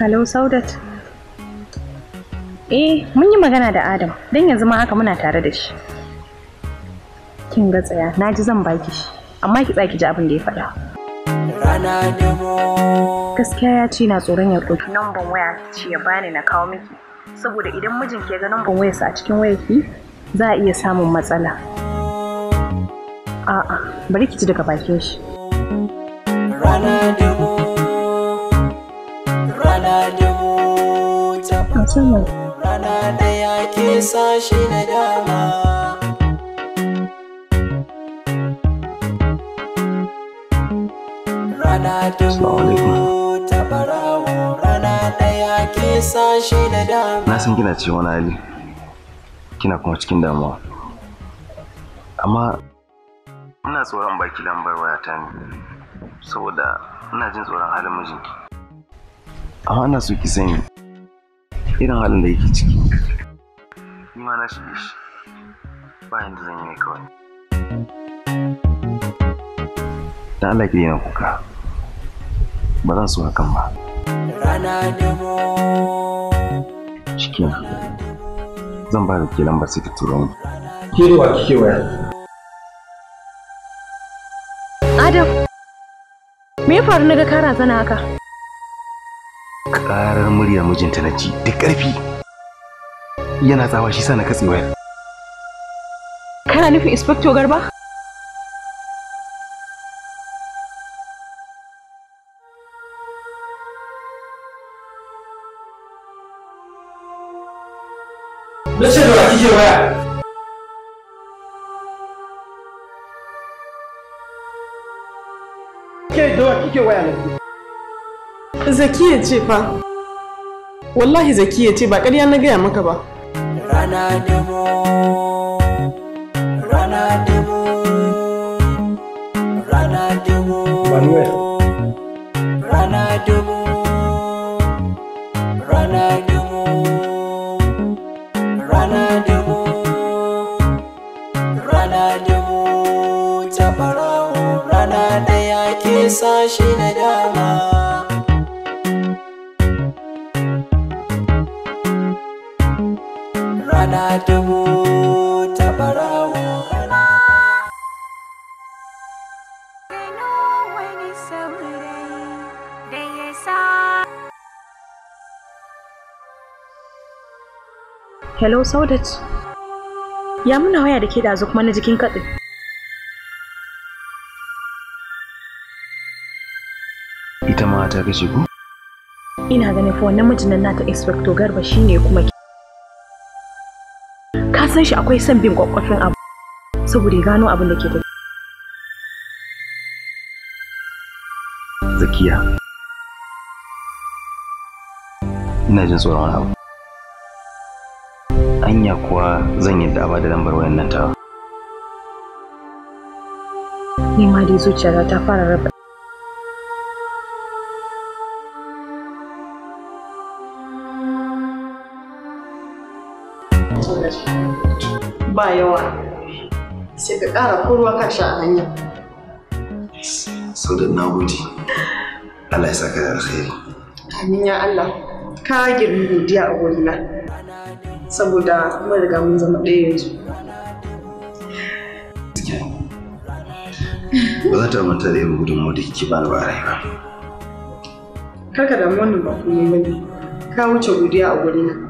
Hello Saudat. Eh, mun yi magana da Adam, don yanzu ma haka muna tare da shi. Kin ga tsaya, na ji zan baki shi, amma ki tsaki ji abin da ya faɗa. Rana Gaskiya ya ce na tsoron ya ɗauki namban waya ce ya bani na kawo miki. Saboda idan mijin ke ga namban wayarsa a cikin wayarki, za a iya samun matsala. A'a, bari ki ji daga bakin shi. Rana mutumin rana da yake sashi na dama rana dubu ta barawo rana ɗaya ke sashi na dama. Na san kina ciwon hali, kina kuma cikin damuwa. Amma ina tsoron baki lambar wayata ne, saboda ina jin tsoron halin mijinki. Amma ina so ki sani irin halin da yake ciki ni ma na shige shi ba yanda zan yi mai kawai dan Allah ki daina kuka ba zan so hakan ba rana demo zan ba da ke lambar sai ki turo kewa ke wa waya Adam, me ya faru na ga kara zana haka? karar murya mijinta na ji da ƙarfi yana tsawa shi sa na katse wayar kana nufin inspector garba Na ce da kike waya? Ke da kike waya ne zakiya ce fa wallahi zakiya ce ba ƙarya na gaya maka ba rana demo rana demo rana demo manuel rana demo rana demo rana demo rana demo ta farawo rana da ke sashi na dama dubu ta barawo Hello Saudat. Ya muna waya da ke da kuma na jikin kaɗin. Ita ma ta gashi ku? Ina ganin fa wannan mijin nan nata inspector Garba shine kuma san shi akwai son bin kwakwafin abu saboda ya gano abin da ke tafiya zakiya ina jin tsoron abu anya kuwa zan yi dama da lambar wayan nan tawa ni ma dai zuciyata ta fara raba fito ba yawa sai ka ƙara kurwa ka sha a hanya sau da na gode Allah ya sa ka da alkhairi amin ya Allah ka girbi godiya a wurina saboda mun riga mun zama ɗaya yanzu ba za ta manta da yin gudunmu da kike bani ba rai ba. Karka damu wannan ba kuma bane. Ka wuce godiya a gurina.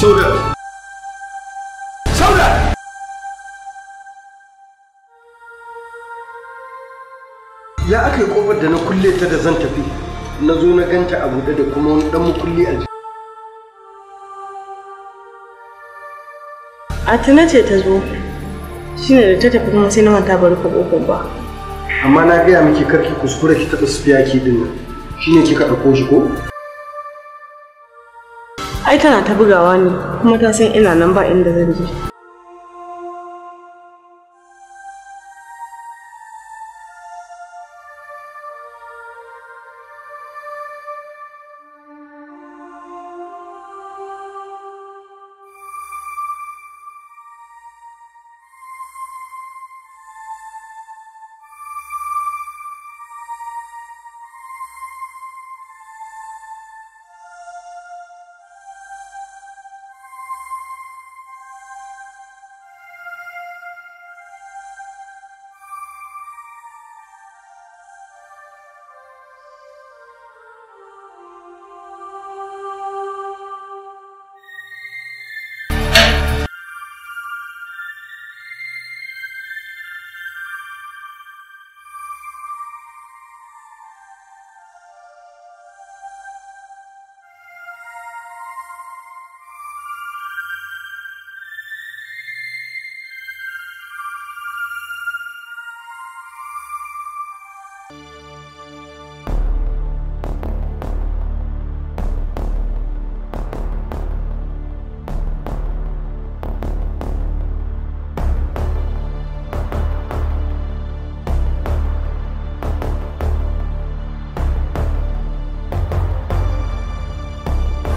Shoulder. Ya aka yi kofar da na kulle ta da zan tafi. Na zo na ganta a buɗe da kuma wani ɗan kulle a jiki. Atina ce ta zo. Shine da ta tafi kuma sai na manta bari ka ba. Amma na gaya miki karki kuskure ki taɓa fiya ki ɗin nan. Shine kika ɗauko shi ko? ai tana ta bugawa ne kuma ta san ina nan ba inda zan je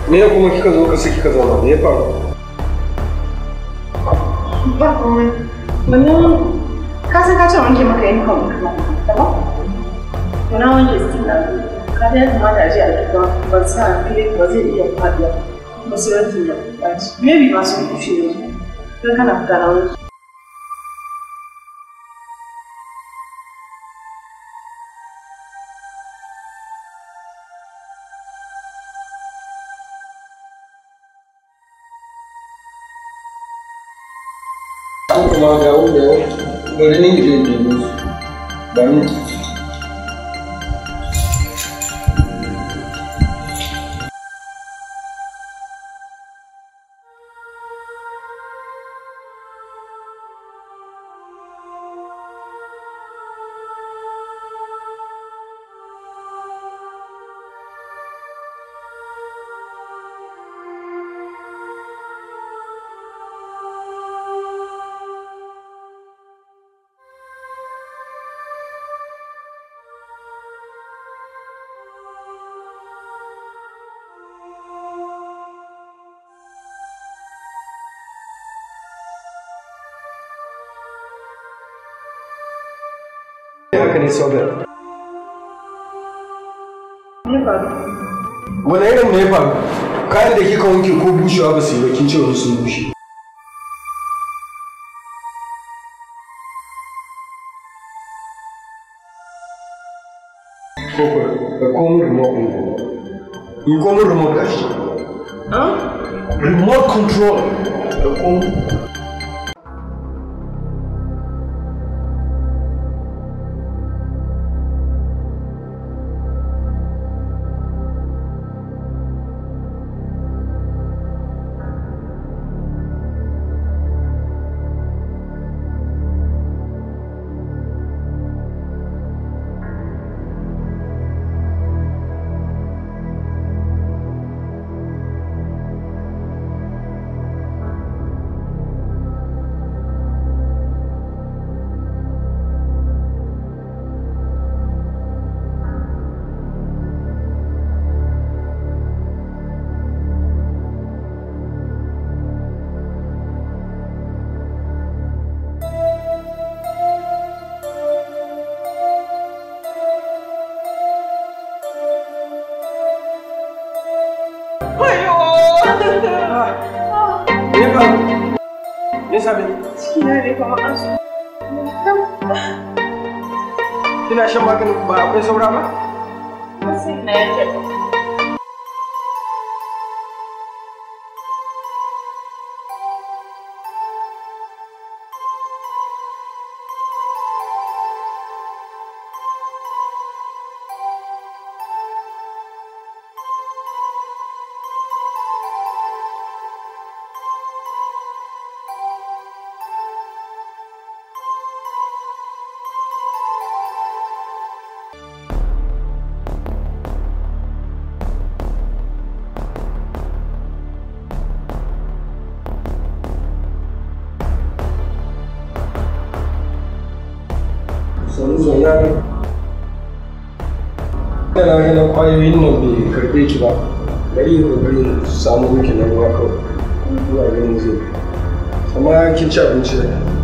me kuma kika zo kasa kika zauna me ya faru ba kuma wannan ka san ce wanke maka yin kan kuma ba to na wanke su na ka da kamata a ji a duba ban sa fili ba zai iya faɗiya ba sai wanke ya ɓaci maybe masu kufi ne don kana fita na wanke droga ou não, não é Dá-me haka ne sogar wani irin ne faru kayan da kika wanke ko bushewa ba su yi ba kin ce wani sun bushe komin remote ɗin ko yi komin remote gashi remote control da komin sa mene? Cikina ne kuma an Kina shan maganin ba akwai saura ba? zaune-zaunen yana kwayoyin nan bai karɓe ki ba bari yin ƙoƙarin miki na ruwa kawai zuwa amma ci abinci